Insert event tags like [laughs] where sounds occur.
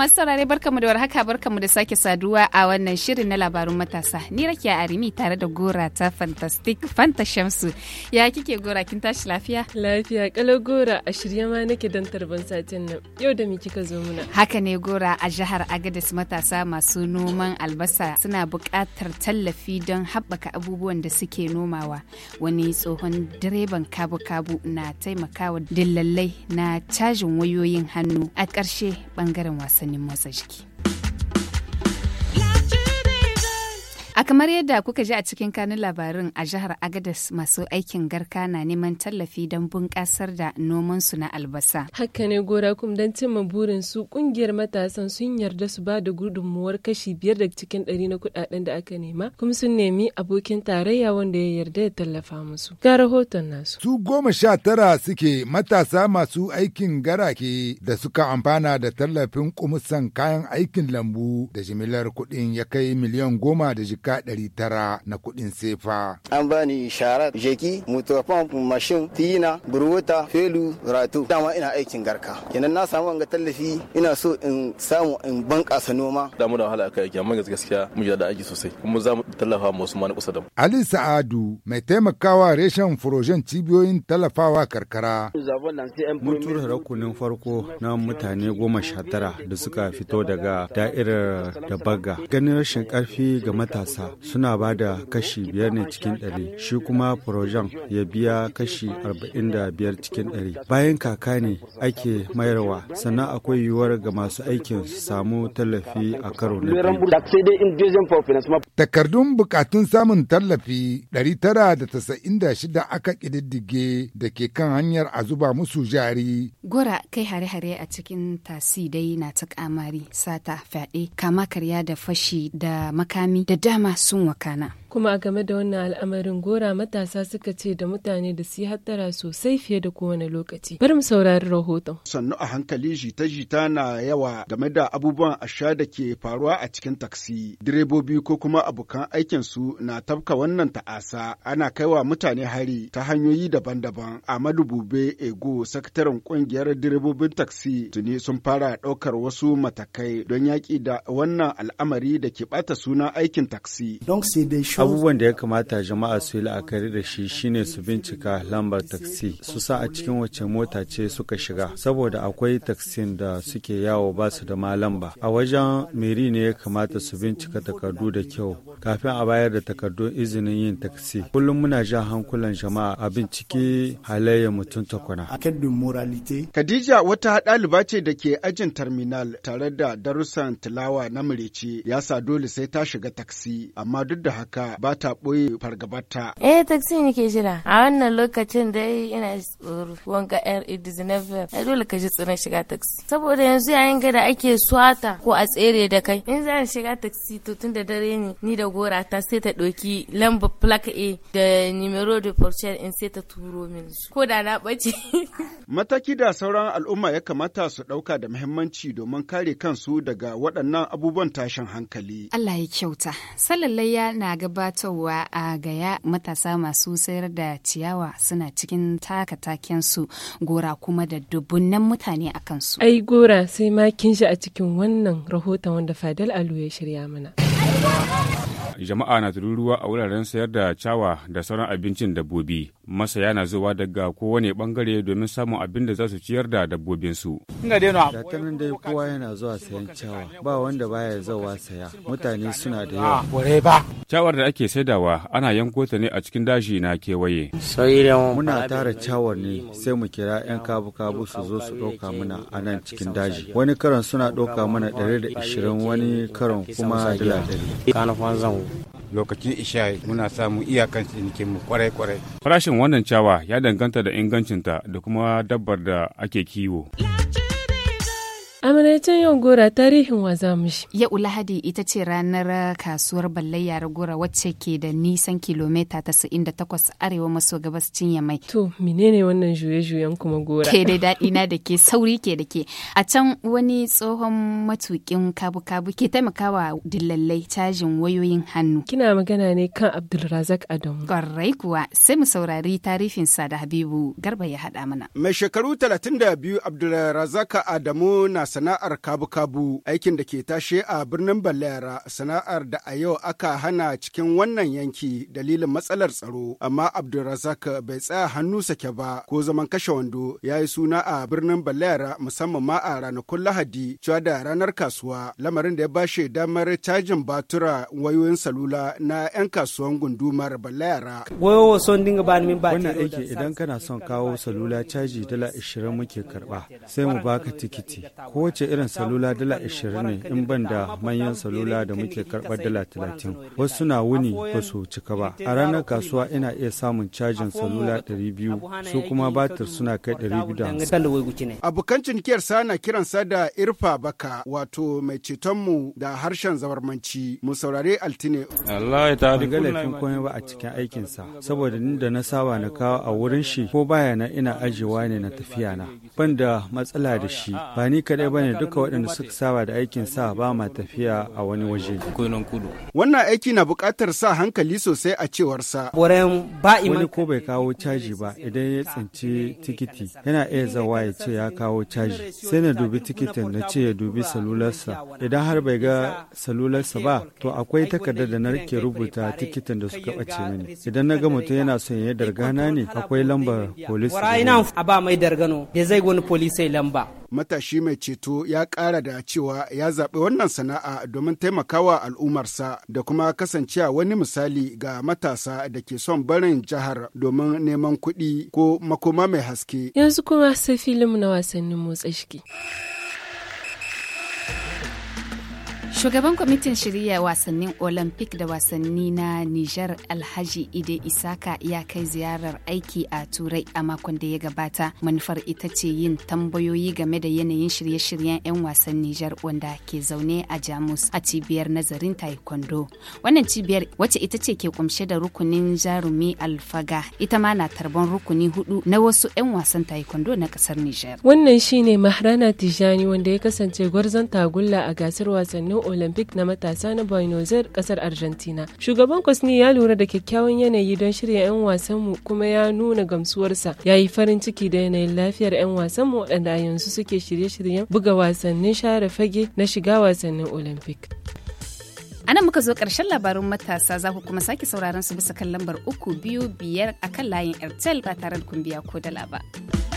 masu saurare barkamu da warhaka barkamu da sake saduwa a wannan shirin na labarun matasa. Ni a Arimi tare da Gora ta Fantastic Fanta Shamsu. Ya kike Gora kin tashi lafiya? Lafiya kalo Gora a shirye ma nake dan tarban satin nan. Yau da me kika zo muna? Haka ne Gora a jihar Agadez matasa masu noman albasa suna buƙatar tallafi don haɓaka abubuwan da suke nomawa. Wani tsohon direban kabu-kabu na taimakawa dillallai na cajin wayoyin hannu a ƙarshe ɓangaren wasanni. motsa jiki A kamar yadda kuka ji a cikin kanun labarin a jihar Agadas masu aikin garka na neman tallafi don bunƙasar da noman su na albasa. Haka ne gora kum don cimma burin su kungiyar matasan sun yarda su ba da gudunmuwar kashi biyar daga cikin ɗari na kuɗaɗen da aka nema kuma sun nemi abokin tarayya wanda ya yarda ya tallafa musu. Ga rahoton nasu. Su goma sha tara suke matasa masu aikin garake da suka amfana da tallafin kumusan kayan aikin lambu da jimilar kuɗin ya kai miliyan goma da jika tara na kuɗin sefa. An bani shara, jeki, motofan, mashin, tina, burwota, felu, ratu. Dama ina aikin garka. Kenan na samu wanga tallafi ina so in samu in bankasa noma. Damu da wahala aka aiki amma gaskiya mun da aiki sosai kuma za mu tallafa ma ma na kusa da mu. Ali Sa'adu mai taimakawa reshen furojen cibiyoyin tallafawa karkara. Mun tura rakunin farko na mutane goma sha tara da suka fito daga da'irar da baga ganin rashin karfi ga matasa ƙasa suna ba da kashi biyar ne cikin ɗari shi kuma projan ya biya kashi arba'in da biyar cikin ɗari bayan kaka ne ake mayarwa sannan akwai yiwuwar ga masu aikin su samu tallafi a karo na biyu takardun bukatun samun tallafi tara da shida aka ƙididdige da ke kan hanyar a zuba musu jari gora kai hare-hare a cikin tasi dai na ta kamari sata fyaɗe kama karya da fashi da makami da dama ma sun wakana kuma game da wannan al'amarin gora matasa suka ce da mutane da su hattara sosai fiye da kowane lokaci bari mu saurari rahoton sannu a hankali jita-jita na yawa game da abubuwan asha da ke faruwa a cikin taksi direbobi ko kuma abokan aikin su na tafka wannan ta'asa ana kaiwa mutane hari ta hanyoyi daban-daban amadu bube ego sakataren kungiyar direbobin taksi tuni sun fara ɗaukar wasu matakai don yaƙi da wannan al'amari da ke bata suna aikin taksi. abubuwan da ya kamata jama'a su yi la'akari da shi shine su bincika lambar taksi su sa a cikin wace mota ce suka shiga saboda akwai taksin da suke yawo ba su da ma lamba a wajen meri ne ya kamata su bincika takardu da kyau kafin a bayar da takardun izinin yin taksi kullum muna jan hankulan jama'a a binciki halayyar mutum takwana Khadija wata ɗaliba ce da ke ajin terminal tare da darussan tilawa na murici ya sa dole sai ta shiga taksi amma duk da haka ba ta ɓoye fargabarta. Eh taxi ke jira. A wannan lokacin dai ina tsoro wanga yar idizinavel. dole ka ji tsoron shiga taxi. Saboda yanzu yayin gada ake swata ko a tsere da kai. In za shiga taxi to tun da dare ne ni da gora ta sai ta ɗauki lamba plak A da numero de portier in sai ta turo min Ko da na ɓace. [laughs] Mataki da sauran al'umma ya kamata su ɗauka da muhimmanci domin kare kansu daga waɗannan abubuwan tashin hankali. Allah ya kyauta. Sallallayya na gaba gabatarwa a gaya matasa masu sayar da ciyawa suna cikin taka su gora kuma da dubunnan mutane a kansu. Ai gora sai ma kin shi a cikin wannan rahoton wanda fadal Alu ya shirya mana. jama'a na tururuwa a wuraren sayar da cawa da sauran abincin dabbobi. Masaya na zuwa daga kowane bangare domin samun abin da za su ciyar da dabbobinsu. Tattalin dai kowa yana zuwa sayan cawa, ba wanda baya zawa saya, mutane suna da yawa. Cawar da ake saidawa ana yanko ta ne a cikin daji na kewaye. Muna tara cawar ne sai mu kira 'yan kabu-kabu su zo su ɗauka mana a nan cikin daji. Wani karon suna ɗauka mana 120 wani karon kuma dala 100. lokacin isha muna samun iyakan cinikin mu kwarai kwarai farashin wannan cawa ya danganta da ingancinta da kuma dabbar da ake kiwo Amaricin yau gora tarihin wa za mu shi. Yau ita ce ranar kasuwar ballayya yara gora wacce ke da nisan kilomita takwas arewa maso gabas gabascin Yamai. To, menene wannan juye-juyen kuma gora? Ke da daɗi na da ke sauri ke da ke. A can wani tsohon matukin kabu-kabu ke taimakawa dillallai cajin wayoyin hannu. Kina magana ne kan Abdulrazak Adamu. Kwarai kuwa sai mu saurari tarihin sa da Habibu Garba ya haɗa mana. Mai shekaru talatin da biyu Abdulrazak Adamu na sana'ar kabu-kabu aikin da ke tashe a birnin Balayara sana'ar da a yau aka hana cikin wannan yanki dalilin matsalar tsaro amma Abdulrazak bai tsaya hannu sake ba ko zaman kashe wando ya yi suna a birnin Balayara musamman ma a ranakun Lahadi cewa da ranar kasuwa lamarin da ya ba bashi damar cajin batura wayoyin salula na 'yan kasuwan gundumar Balayara. Wannan aiki idan kana son kawo salula caji dala 20 muke karba sai mu baka tikiti ko kowace irin salula dala 20 ne in ban da manyan salula da muke karɓar dala 30 wasu na wuni ba su cika ba a ranar kasuwa ina iya samun cajin salula 200 su kuma batir suna kai 250 abokan cinikiyar sana kiran sa da irfa baka wato mai cetonmu da harshen zabarmanci mu saurare altine Allah ya laifin ba a cikin aikinsa saboda ni da na saba na kawo a wurin shi ko baya na ina ajewa ne na tafiya na ban da matsala da shi ba ni kadai ba ne duka waɗanda suka saba da aikin sa ba ma tafiya a wani waje. Wannan aiki na buƙatar sa hankali sosai a cewar sa. Wani ko bai kawo caji ba idan ya tsinci tikiti yana iya zawa ya ce ya kawo caji. Sai na dubi tikitin na ce ya dubi salularsa. Idan har bai ga salularsa ba to akwai takardar da na ke rubuta tikitin da suka ɓace mini. Idan na ga mutum yana son ya dargana ne akwai lambar polisi. a ba mai dargano da zai wani polisai lamba. matashi mai ceto ya kara da cewa ya zaɓi wannan sana'a domin taimakawa al'ummarsa da kuma kasancewa wani misali ga matasa da ke son barin jihar domin neman kuɗi ko makoma mai haske. Yanzu kuma sai mu na wasannin motsa shiki. Shugaban kwamitin shirya wasannin Olympic da wasanni na Nijar Alhaji Ide Isaka ya kai ziyarar aiki a Turai a makon da ya gabata. Manufar ita ce yin tambayoyi game da yanayin shirye-shiryen 'yan wasan Nijar wanda ke zaune a Jamus a cibiyar nazarin Taekwondo. Wannan cibiyar wacce ita ce ke kumshe da rukunin jarumi Alfaga ita ma na tarban rukuni hudu na wasu 'yan wasan Taekwondo na kasar Nijar. Wannan shine Mahrana Tijani wanda ya kasance gwarzon tagulla a gasar wasannin olympic na matasa na buenos aires kasar argentina shugaban kwasni ya lura da kyakkyawan yanayi don shirya 'yan wasanmu kuma ya nuna gamsuwarsa ya yi farin ciki da yanayin lafiyar 'yan wasanmu waɗanda a yanzu suke shirye-shiryen buga wasannin share fage na shiga wasannin olympic A nan muka zo ƙarshen labarun matasa za ku kuma sake sauraron su bisa kan lambar uku biyu biyar akan layin Airtel ba tare da kun ko dala ba.